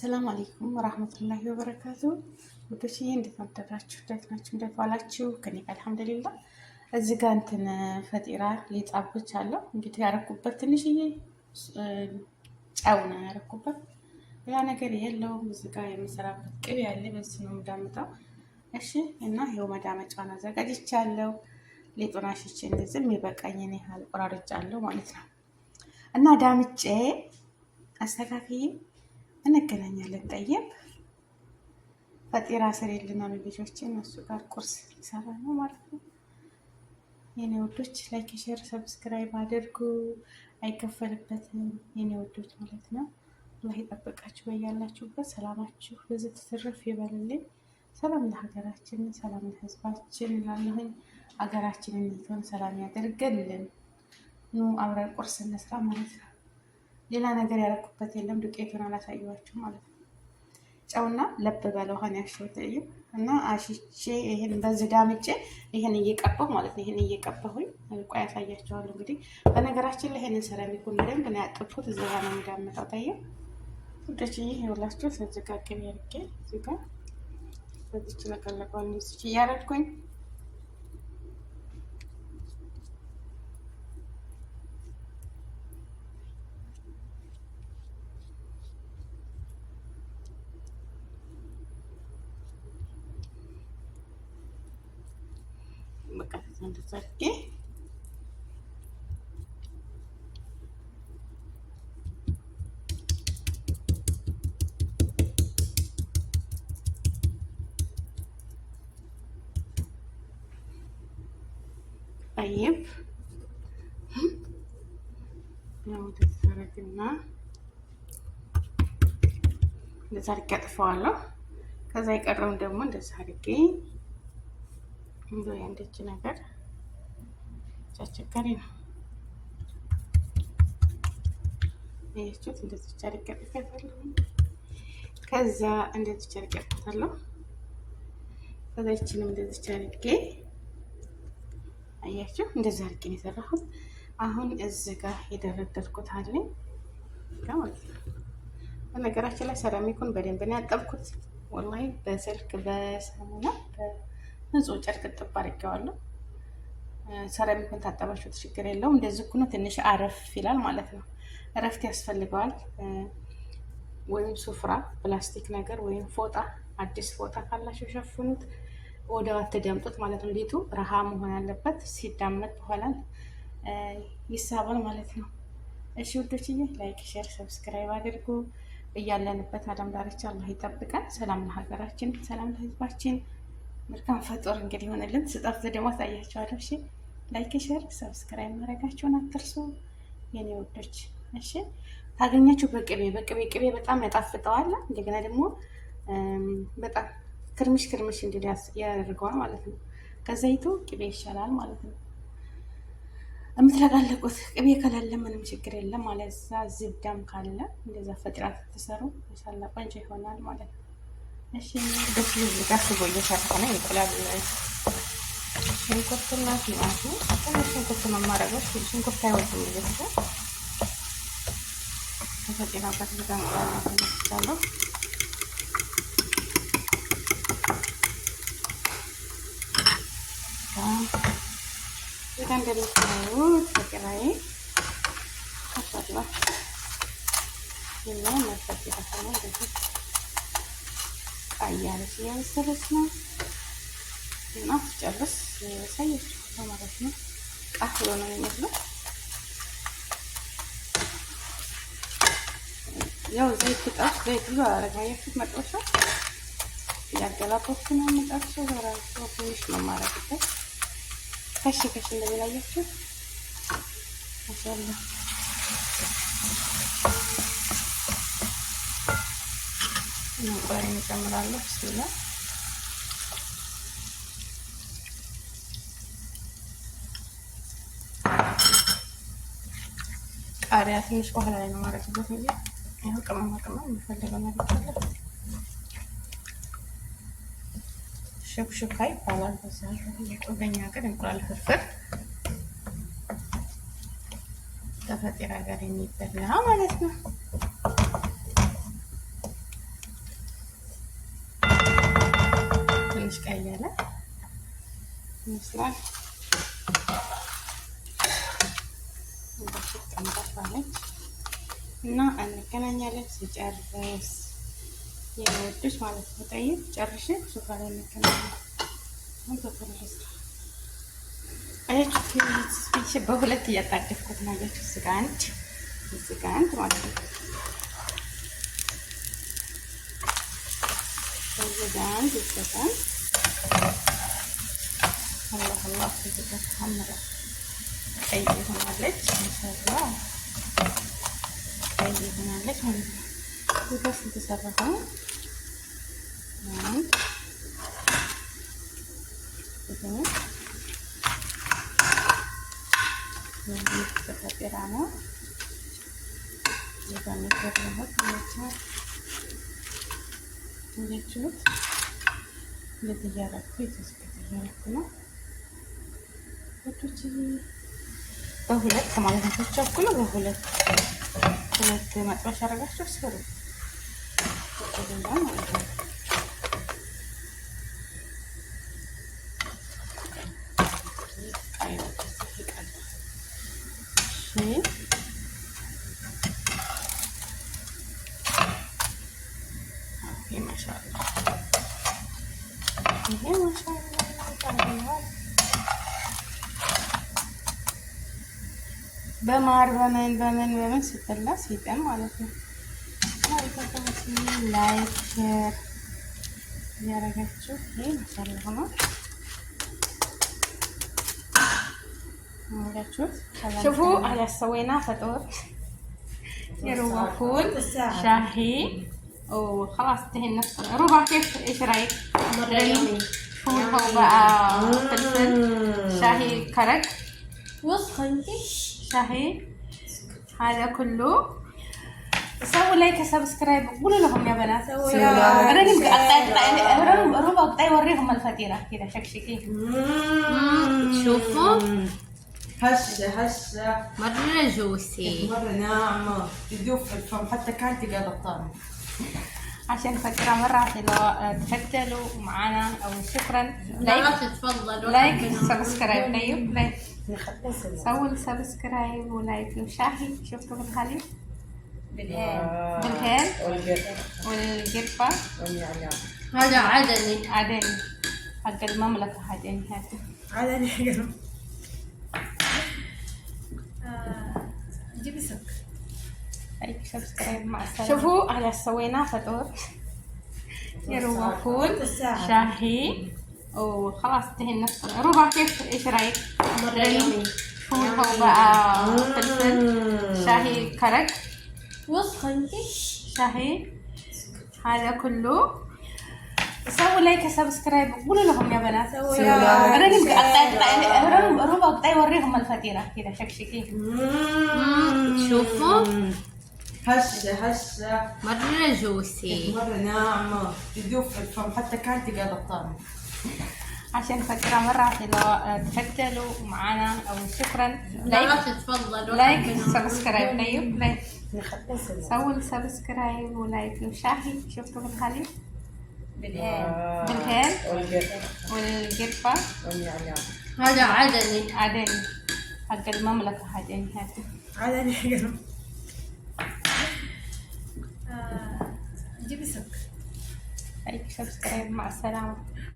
ሰላም አለይኩም ወራህመቱላሂ ወበረካቱ ውዶች፣ ይህ እንዴት አደራችሁ? እንዴት ናችሁ? እንዴት ዋላችሁ? ከኔ ጋር አልሐምዱሊላ። እዚህ ጋር እንትን ፈጢራ ሊጣቦች አለው እንግዲህ ያረኩበት ትንሽዬ ጨው ነው ያረኩበት፣ ሌላ ነገር የለውም። እዚህ ጋር የምሰራበት ቅቤ ያለ በዚህ ነው የምዳምጠው። እሺ እና ይኸው መዳመጫውን አዘጋጅቻለሁ። ሊጡን አሽቼ እንደዚህ የሚበቃኝን ያህል ቆራርጫለሁ ማለት ነው እና ዳምጬ አስተካክዬ እንገናኛለን። ጠየብ ፈጢራ ስር የልናሉ ልጆች እነሱ ጋር ቁርስ ሊሰራ ነው ማለት ነው። የኔ ወዶች ላይክ፣ ሼር፣ ሰብስክራይብ አድርጉ። አይከፈልበትም የኔ ወዶች ማለት ነው። አላህ ይጠብቃችሁ። በያላችሁበት ሰላማችሁ ብዙ ትትርፍ ይበልልኝ። ሰላም ለሀገራችን፣ ሰላም ለህዝባችን እላለሁኝ። ሀገራችንን ይዞን ሰላም ያደርገልን። ኑ አብረን ቁርስ እንስራ ማለት ነው። ሌላ ነገር ያረኩበት የለም። ዱቄቱን አላሳየኋችሁም ማለት ነው። ጨውና ለብ ባለ ውሃን ያሸሁት እና አሽቼ ይህን በዚህ ዳምጬ ይህን እየቀባሁ ማለት ነው። ይሄን እየቀባሁኝ ቆ ያሳያቸዋል። እንግዲህ በነገራችን ላይ ይሄንን ሰራሚኩን በደንብ ነው ያጠብኩት። እዚህ ውሃ ነው የሚዳምጠው። ታየ ውዶች፣ ይህ ይውላችሁ ስንዝጋግን ያርጌ እዚህ ጋር በዚች ለቀለቀዋል ዚች እያረድኩኝ እንደዛ አድርጌ ጠይብ ለወደተረግና እንደዛ አድርጌ አጥፈዋለሁ። ከዛ የቀረውን ደግሞ እንደዛ አድርጌ እንደዚህ ነገር አስቸጋሪ ነው። ያችሁት እንደዚህ አድርጌ አጥፍቻታለሁ። ከዛ እንደዚህ አድርጌ አጥፍቻታለሁ። ከዛ ይችንም እንደዚህ አድርጌ አያችሁ፣ እንደዚህ አድርጌ ነው የሰራሁት። አሁን እዚህ ጋር የደረደርኩት አለኝ ማለት ነው። በነገራችን ላይ ሰራሚኩን በደንብ ነው ያጠብኩት። ወላሂ በስልክ በሳሙና በንጹህ ጨርቅ ጥብ አድርጌዋለሁ። ሰራሚኩን ታጠባችሁት ችግር የለውም። እንደዚህ ኩኖ ትንሽ አረፍ ይላል ማለት ነው። እረፍት ያስፈልገዋል። ወይም ሱፍራ ፕላስቲክ ነገር ወይም ፎጣ፣ አዲስ ፎጣ ካላችሁ ሸፍኑት። ወደዋ አትደምጡት ማለት ነው። ሊጡ ረሃ መሆን አለበት። ሲዳመጥ በኋላ ይሳባል ማለት ነው። እሺ ውዶችዬ፣ ላይክ፣ ሼር፣ ሰብስክራይብ አድርጉ። እያለንበት አለም ዳርቻ አላህ ይጠብቀን። ሰላም ለሀገራችን፣ ሰላም ለህዝባችን መልካም ፈጦር እንግዲህ ይሆንልን። ስጠፍ ደግሞ አሳያችኋለሁ። እሺ ላይክ፣ ሼር፣ ሰብስክራይብ ማድረጋቸውን አትርሱ የኔ ወዶች። እሺ ታገኛችሁ በቅቤ በቅቤ ቅቤ በጣም ያጣፍጠዋል። እንደገና ደግሞ በጣም ክርምሽ ክርምሽ እንዲ ያደርገዋል ማለት ነው። ከዘይቱ ቅቤ ይሻላል ማለት ነው። የምትለቃለቁት ቅቤ ከሌለ ምንም ችግር የለም ማለት ዛ ዝብዳም ካለ እንደዛ ፈጥራት ተሰሩ መሳላ ቆንጆ ይሆናል ማለት ነው። እሺ ደስ ይል ጋር እንቁላል ሽንኩርትና ቲማቲም ትንሽ ሽንኩርት መማረገው ሽንኩርት አይወድም ልጆቹ ከተጨናበት ብዛ እንቁላል ማስነስቻለሁ እያለች እያለች ድረስ ነው እና ጨርስ ሳየችው ማለት ነው። ቃፍሎ ነው የሚመስለው። ያው ዘይት ጣፍ ዘይት ብዙ አረጋየፍት መጥበሻ ያገላበኩ ነው የምጠብሰው። በራሱ ትንሽ ነው የማረግበት ከሽ ከሽ እንደሚላያችሁ ማሻአላህ እንቁላል እንጨምራለሁ። ብስሚላ ቃሪያ ትንሽ በኋላ ላይ ነው ማድረግበት እንጂ ያው ቅመማ ቅመም የሚፈልገው ነገር አለ። ይባላል በዛ በእኛ ሀገር እንቁላል ፍርፍር ተፈጢር ሀገር የሚበላ ማለት ነው። ይመስላል። እንደዚህ ጠንጠፋለች እና እንገናኛለን ሲጨርስ የወዱስ ማለት ነው። ጠይቅ ጨርሼ ሱጋ ላይ እንገናኛለን። በሁለት እያጣደፍኩት ነው። ስጋ አንድ ስጋ አንድ ማለት ነው። ስጋ አንድ ይሰጣል አላ ተምራ ቀይ ሆናለች። ማሻላ ቀይ ሆናለች ማለት ነው። ዱጋስ የተሰራ ነው። ተፈጥራ ነው የዛሚሰራሁት እንደችሉት እንደዚህ እያደረኩ የተስበት ነው ውዶች በሁለት ማለት ነው። ተቻኩሎ በሁለት ሁለት መጥበሻ አደረጋችሁ ስሩ ማለት ነው። በማር በምን በምን በምን ስትላ ሲጠን ማለት ነው። ላይክ ሼር እያደረጋችሁ ይህ መሰለህ ነው ሽፉ አያሰወይና ፈጦር የሩባ ፉል ሻሂ خلاص انتهينا روبا كيف ايش رايك؟ مرة يومي فول وبقى فلفل شاهي كرك وصفي شاهي هذا كله سووا لايك سبسكرايب قولوا لهم يا بنات انا نبقى اقطع ربع اقطع اوريهم الفطيره كذا شكشكي شوفوا هشة هشة مرة جوسي مرة ناعمة تدوب في الفم حتى كانت قاعدة الطعم عشان فكرة مرة حلوة آه، تفتلوا معنا أو شكرا لايك تتفضلوا لايك سبسكرايب لايك لايك سووا سبسكرايب ولايك وشاهي شفتوا بالخليل بالهيل آه، بالهان والقرفة هذا عدني عدني حق المملكة عدني هذا عدني حق جيبي سكر لايك سبسكرايب مع السلامة شوفوا على سوينا فطور يروى فول شاهي وخلاص انتهينا ربع كيف ايش رايك؟ فول هو بقى فلفل شاهي كرك وسخن شاهي هذا كله سووا لايك وسبسكرايب قولوا لهم يا بنات انا نبقى اقطع روبا الفاتيره وريهم الفطيره كذا شكشكيه شوفوا هشة هشة مرة جوسي مرة ناعمة تدوب في الفم حتى كانت قاعدة طعم عشان فكرة مرة حلوة آه، تفتلوا معنا أو شكرا لايك تفضلوا لايك سبسكرايب لايك لايك سووا سبسكرايب ولايك وشاهي شفتوا بالخليل آه، بالهيل والقرفة هذا عدني عدني حق المملكة عدني هذا آه، عدني حق جيبي سكر لايك سبسكرايب مع السلامة